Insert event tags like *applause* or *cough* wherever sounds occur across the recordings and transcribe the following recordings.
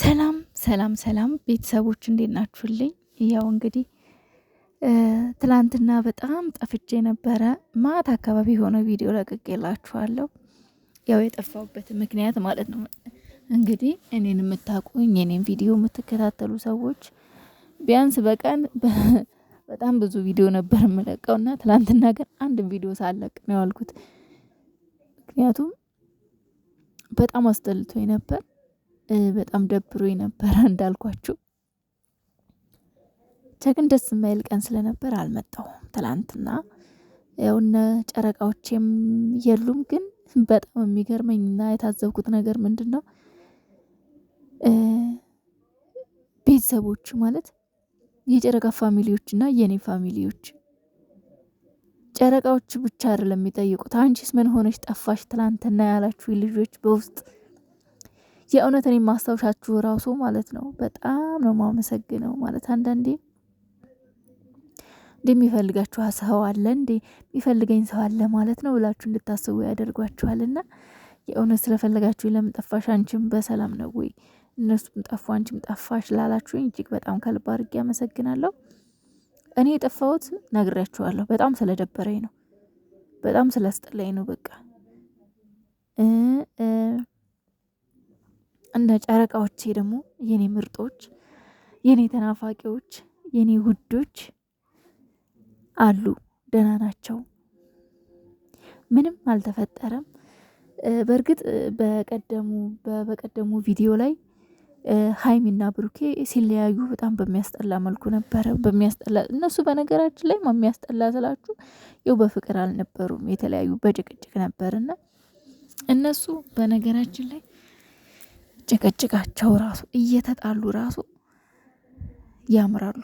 ሰላም ሰላም ሰላም ቤተሰቦች እንዴት ናችሁልኝ? ያው እንግዲህ ትላንትና በጣም ጠፍቼ ነበረ። ማታ አካባቢ የሆነ ቪዲዮ ለቅቄላችኋለሁ። ያው የጠፋሁበት ምክንያት ማለት ነው እንግዲህ እኔን የምታውቁኝ የኔን ቪዲዮ የምትከታተሉ ሰዎች ቢያንስ በቀን በጣም ብዙ ቪዲዮ ነበር የምለቀው እና ትላንትና ግን አንድ ቪዲዮ ሳለቅ ነው ያልኩት። ምክንያቱም በጣም አስጠልቶኝ ነበር በጣም ደብሮ ነበረ *laughs* እንዳልኳችሁ። ቸግን ደስ የማይል ቀን ስለነበር አልመጣሁም ትላንትና። ያው እነ ጨረቃዎቼም የሉም። ግን በጣም የሚገርመኝ እና የታዘብኩት ነገር ምንድን ነው ቤተሰቦቹ ማለት የጨረቃ ፋሚሊዎች እና የኔ ፋሚሊዎች ጨረቃዎች ብቻ አይደለም የሚጠይቁት፣ አንቺስ ምን ሆነች ጠፋሽ ትላንትና ያላችሁ ልጆች በውስጥ የእውነት እኔ ማስታወሻችሁ ራሱ ማለት ነው በጣም ነው ማመሰግነው። ማለት አንዳንዴ እንዴ የሚፈልጋችሁ ሰው አለ እንዴ የሚፈልገኝ ሰው አለ ማለት ነው ብላችሁ እንድታስቡ ያደርጓችኋልና የእውነት ስለፈለጋችሁ ጠፋሽ አንቺም በሰላም ነው ወይ እነሱም ጠፉ አንቺም ጠፋሽ ላላችሁኝ እጅግ በጣም ከልብ አድርጌ አመሰግናለሁ። እኔ የጠፋሁት ነግሬያችኋለሁ፣ በጣም ስለደበረኝ ነው፣ በጣም ስላስጠላኝ ነው። በቃ እና ጨረቃዎቼ ደግሞ የኔ ምርጦች፣ የኔ ተናፋቂዎች፣ የኔ ውዶች አሉ። ደህና ናቸው። ምንም አልተፈጠረም። በእርግጥ በቀደሙ በቀደሙ ቪዲዮ ላይ ሀይሚና ብሩኬ ሲለያዩ በጣም በሚያስጠላ መልኩ ነበረ። በሚያስጠላ እነሱ በነገራችን ላይ የሚያስጠላ ስላችሁ ይኸው በፍቅር አልነበሩም የተለያዩ በጭቅጭቅ ነበርና እነሱ በነገራችን ላይ ጭቅጭቃቸው ራሱ እየተጣሉ ራሱ ያምራሉ።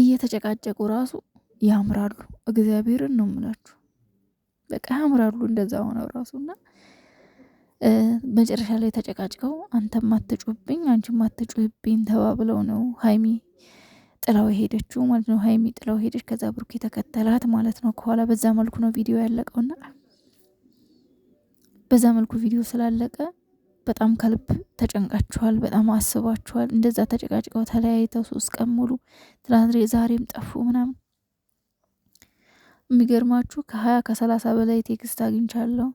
እየተጨቃጨቁ ራሱ ያምራሉ። እግዚአብሔርን ነው የምላችሁ። በቃ ያምራሉ እንደዛ ሆነው እና መጨረሻ ላይ ተጨቃጭቀው አንተም አትጩህብኝ አንቺም አትጩህብኝ ተባብለው ነው ሀይሚ ጥላው ሄደችው ማለት ነው። ሀይሚ ጥላው ሄደች። ከዛ ብሩኬ ተከተላት ማለት ነው ከኋላ። በዛ መልኩ ነው ቪዲዮ ያለቀውና በዛ መልኩ ቪዲዮ ስላለቀ በጣም ከልብ ተጨንቃችኋል። በጣም አስባችኋል። እንደዛ ተጨቃጭቀው ተለያይተው ሶስት ቀን ሙሉ ትናንት ዛሬም ጠፉ ምናምን የሚገርማችሁ ከሀያ ከሰላሳ በላይ ቴክስት አግኝቻለሁ።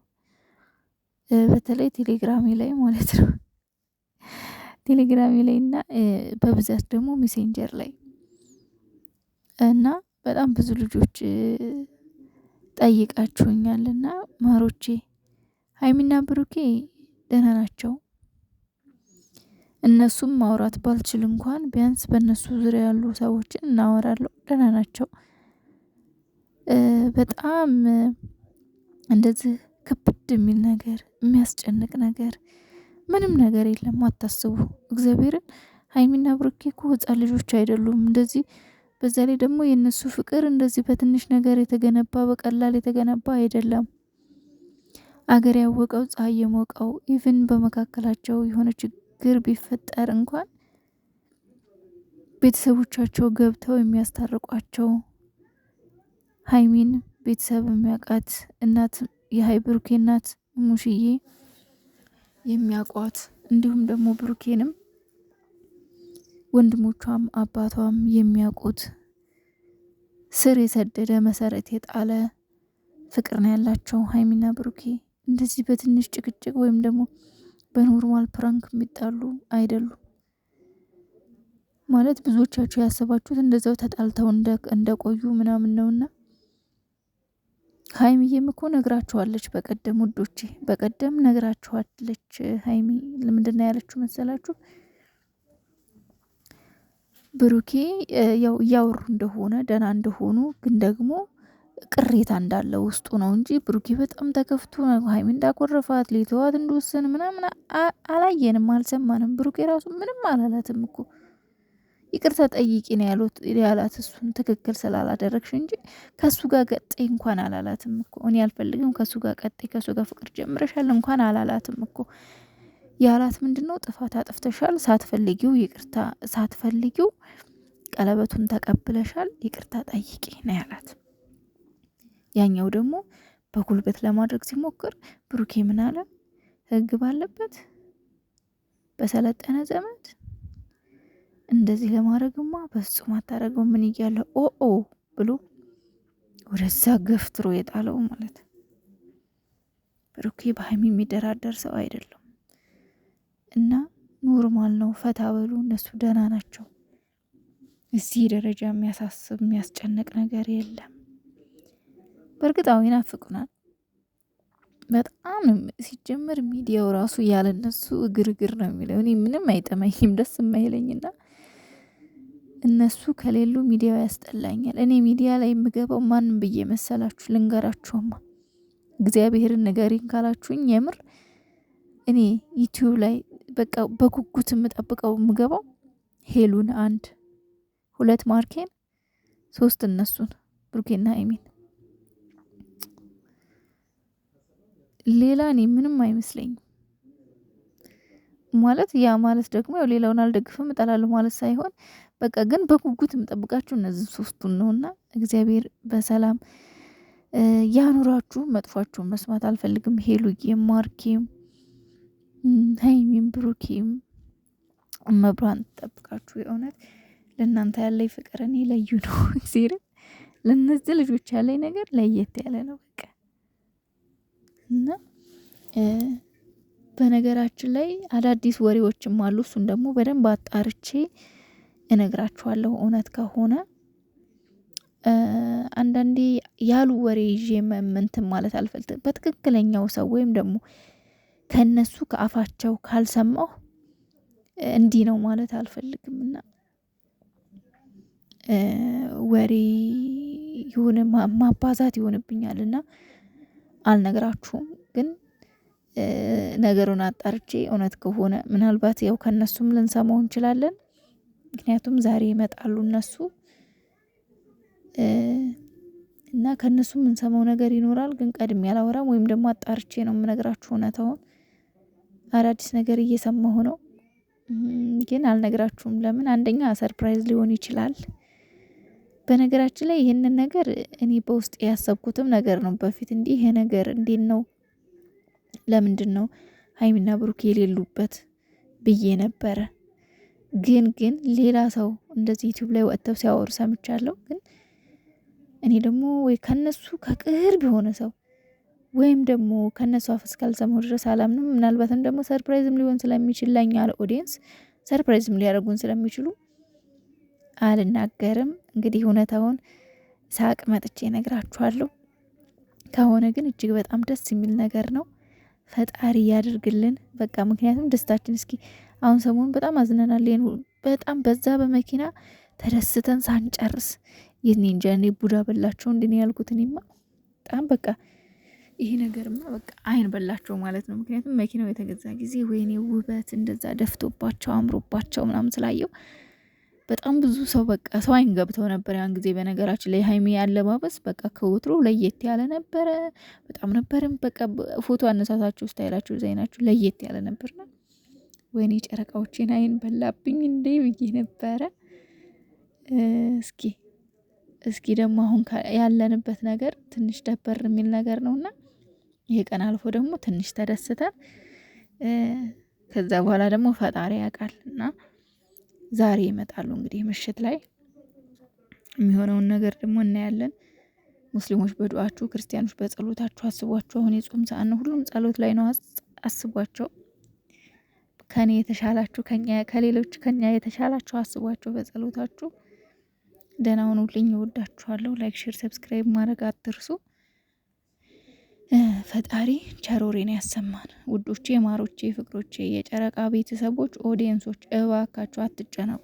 በተለይ ቴሌግራሜ ላይ ማለት ነው ቴሌግራሜ ላይ እና በብዛት ደግሞ ሜሴንጀር ላይ እና በጣም ብዙ ልጆች ጠይቃችሁኛል እና ማሮቼ ሀይሚና ብሩኬ ደህና ናቸው። እነሱም ማውራት ባልችል እንኳን ቢያንስ በእነሱ ዙሪያ ያሉ ሰዎችን እናወራለሁ። ደህና ናቸው። በጣም እንደዚህ ክብድ የሚል ነገር የሚያስጨንቅ ነገር ምንም ነገር የለም። አታስቡ። እግዚአብሔርን ሀይሚና ብሩኬ እኮ ልጆች አይደሉም። እንደዚህ በዛ ላይ ደግሞ የእነሱ ፍቅር እንደዚህ በትንሽ ነገር የተገነባ በቀላል የተገነባ አይደለም። አገር ያወቀው ፀሐይ የሞቀው ኢቭን በመካከላቸው የሆነ ችግር ቢፈጠር እንኳን ቤተሰቦቻቸው ገብተው የሚያስታርቋቸው ሀይሚን ቤተሰብ የሚያውቃት እናት የሀይ ብሩኬ እናት ሙሽዬ የሚያውቋት እንዲሁም ደግሞ ብሩኬንም ወንድሞቿም አባቷም የሚያውቁት ስር የሰደደ መሰረት የጣለ ፍቅር ነው ያላቸው ሀይሚና ብሩኬ። እንደዚህ በትንሽ ጭቅጭቅ ወይም ደግሞ በኖርማል ፕራንክ የሚጣሉ አይደሉም። ማለት ብዙዎቻችሁ ያሰባችሁት እንደዛው ተጣልተው እንደቆዩ ምናምን ነውና ሀይሚ እኮ ነግራችኋለች። በቀደም ውዶቼ፣ በቀደም ነግራችኋለች። ሀይሚ ለምንድነው ያለችው መሰላችሁ? ብሩኬ ያው እያወሩ እንደሆነ ደህና እንደሆኑ ግን ደግሞ ቅሬታ እንዳለ ውስጡ ነው እንጂ ብሩኬ በጣም ተከፍቶ ሀይሚ እንዳኮረፋት ሌተዋት እንደወሰን ምናምን አላየንም፣ አልሰማንም። ብሩኬ ራሱ ምንም አላላትም እኮ ይቅርታ ጠይቂ ነው ያላት እሱን ትክክል ስላላደረግሽ እንጂ ከሱ ጋር ቀጤ እንኳን አላላትም እኮ እኔ አልፈልግም ከሱ ጋር ቀጤ ከሱ ጋር ፍቅር ጀምረሻል እንኳን አላላትም እኮ ያላት ምንድን ነው ጥፋት አጥፍተሻል ሳትፈልጊው ይቅርታ ሳትፈልጊው ቀለበቱን ተቀብለሻል ይቅርታ ጠይቂ ነው ያላት ያኛው ደግሞ በጉልበት ለማድረግ ሲሞክር ብሩኬ ምን አለ? ህግ ባለበት በሰለጠነ ዘመን እንደዚህ ለማድረግማ በፍጹም አታደርገው፣ ምን እያለ ኦ ኦ ብሎ ወደዛ ገፍትሮ የጣለው ማለት ብሩኬ በሀይሚ የሚደራደር ሰው አይደለም እና ኖርማል ነው። ፈታ በሉ እነሱ ደህና ናቸው። እዚህ ደረጃ የሚያሳስብ የሚያስጨንቅ ነገር የለም። በእርግጣዊ ይናፍቁናል። በጣም ሲጀመር ሚዲያው ራሱ ያለነሱ ግርግር ነው የሚለው። እኔ ምንም አይጠማኝም ደስ የማይለኝና እነሱ ከሌሉ ሚዲያው ያስጠላኛል። እኔ ሚዲያ ላይ የምገባው ማንም ብዬ መሰላችሁ? ልንገራችሁማ እግዚአብሔርን ንገሪኝ ካላችሁኝ የምር እኔ ዩቲዩብ ላይ በቃ በጉጉት የምጠብቀው የምገባው ሄሉን አንድ ሁለት ማርኬን ሶስት እነሱን ብሩኬና አይሚን ሌላ እኔ ምንም አይመስለኝም። ማለት ያ ማለት ደግሞ ያው ሌላውን አልደግፍም እጠላለሁ ማለት ሳይሆን በቃ ግን በጉጉት የምጠብቃችሁ እነዚህ ሶስቱን ነውና እግዚአብሔር በሰላም ያኑራችሁ። መጥፏችሁን መስማት አልፈልግም። ሄሉዬም፣ ማርኬም፣ ሀይሚም፣ ብሩኬም መብራን ጠብቃችሁ የእውነት ለእናንተ ያለኝ ፍቅር እኔ ለዩ ነው። *laughs* እግዚአብሔር ለእነዚህ ልጆች ያለኝ ነገር ለየት ያለ ነው በቃ እና በነገራችን ላይ አዳዲስ ወሬዎችም አሉ። እሱን ደግሞ በደንብ አጣርቼ እነግራችኋለሁ እውነት ከሆነ አንዳንዴ ያሉ ወሬ ይዤ እንትን ማለት አልፈልግም። በትክክለኛው ሰው ወይም ደግሞ ከእነሱ ከአፋቸው ካልሰማሁ እንዲህ ነው ማለት አልፈልግም እና ወሬ የሆነ ማባዛት ይሆንብኛል እና አልነግራችሁም ግን ነገሩን አጣርቼ እውነት ከሆነ ምናልባት ያው ከነሱም ልንሰማው እንችላለን። ምክንያቱም ዛሬ ይመጣሉ እነሱ እና ከእነሱ የምንሰማው ነገር ይኖራል ግን ቀድሜ አላወራም ወይም ደግሞ አጣርቼ ነው የምነግራችሁ እውነታውን። አዳዲስ ነገር እየሰማሁ ነው። ግን አልነግራችሁም ለምን አንደኛ ሰርፕራይዝ ሊሆን ይችላል በነገራችን ላይ ይህንን ነገር እኔ በውስጥ ያሰብኩትም ነገር ነው። በፊት እንዲህ ይሄ ነገር እንዴት ነው ለምንድን ነው ሀይሚና ብሩክ የሌሉበት ብዬ ነበረ። ግን ግን ሌላ ሰው እንደዚህ ዩቲዩብ ላይ ወጥተው ሲያወሩ ሰምቻለሁ። ግን እኔ ደግሞ ወይ ከነሱ ከቅርብ የሆነ ሰው ወይም ደግሞ ከነሱ አፍ እስካልሰማሁ ድረስ አላምንም። ምናልባትም ደግሞ ሰርፕራይዝም ሊሆን ስለሚችል ለኛ ለኦዲየንስ ሰርፕራይዝም ሊያደርጉን ስለሚችሉ አልናገርም። እንግዲህ እውነታውን ሳቅ መጥቼ እነግራችኋለሁ። ከሆነ ግን እጅግ በጣም ደስ የሚል ነገር ነው። ፈጣሪ ያድርግልን በቃ። ምክንያቱም ደስታችን እስኪ አሁን ሰሞኑን በጣም አዝነናል። በጣም በዛ በመኪና ተደስተን ሳንጨርስ የኔ እንጃ እኔ ቡዳ በላቸው እንድን ያልኩት እኔማ በጣም በቃ ይሄ ነገርማ በቃ አይን በላቸው ማለት ነው። ምክንያቱም መኪናው የተገዛ ጊዜ ወይኔ ውበት እንደዛ ደፍቶባቸው አምሮባቸው ምናምን ስላየው በጣም ብዙ ሰው በቃ ሰው አይን ገብተው ነበር ያን ጊዜ። በነገራችን ላይ ሀይሚ አለባበስ በቃ ከወትሮ ለየት ያለ ነበረ። በጣም ነበርም በቃ ፎቶ አነሳሳችሁ፣ ስታይላችሁ፣ ዲዛይናችሁ ለየት ያለ ነበርና ወይኔ ጨረቃዎችን አይን በላብኝ እንዴ ብዬ ነበረ። እስኪ እስኪ ደግሞ አሁን ያለንበት ነገር ትንሽ ደበር የሚል ነገር ነውና ይሄ ቀን አልፎ ደግሞ ትንሽ ተደስተን ከዛ በኋላ ደግሞ ፈጣሪ ያውቃል እና ዛሬ ይመጣሉ። እንግዲህ ምሽት ላይ የሚሆነውን ነገር ደግሞ እናያለን። ሙስሊሞች በዱዓችሁ፣ ክርስቲያኖች በጸሎታችሁ አስቧቸው። አሁን የጾም ሰዓት ነው። ሁሉም ጸሎት ላይ ነው። አስቧቸው። ከኔ የተሻላችሁ ከሌሎች ከኛ የተሻላችሁ አስቧቸው በጸሎታችሁ። ደህና ሁኑልኝ። እወዳችኋለሁ። ላይክ፣ ሼር፣ ሰብስክራይብ ማድረግ አትርሱ። ፈጣሪ ቸሮሬን ያሰማን። ውዶቼ፣ ማሮቼ፣ ፍቅሮቼ የጨረቃ ቤተሰቦች ኦዲየንሶች፣ እባካችሁ አትጨነቁ።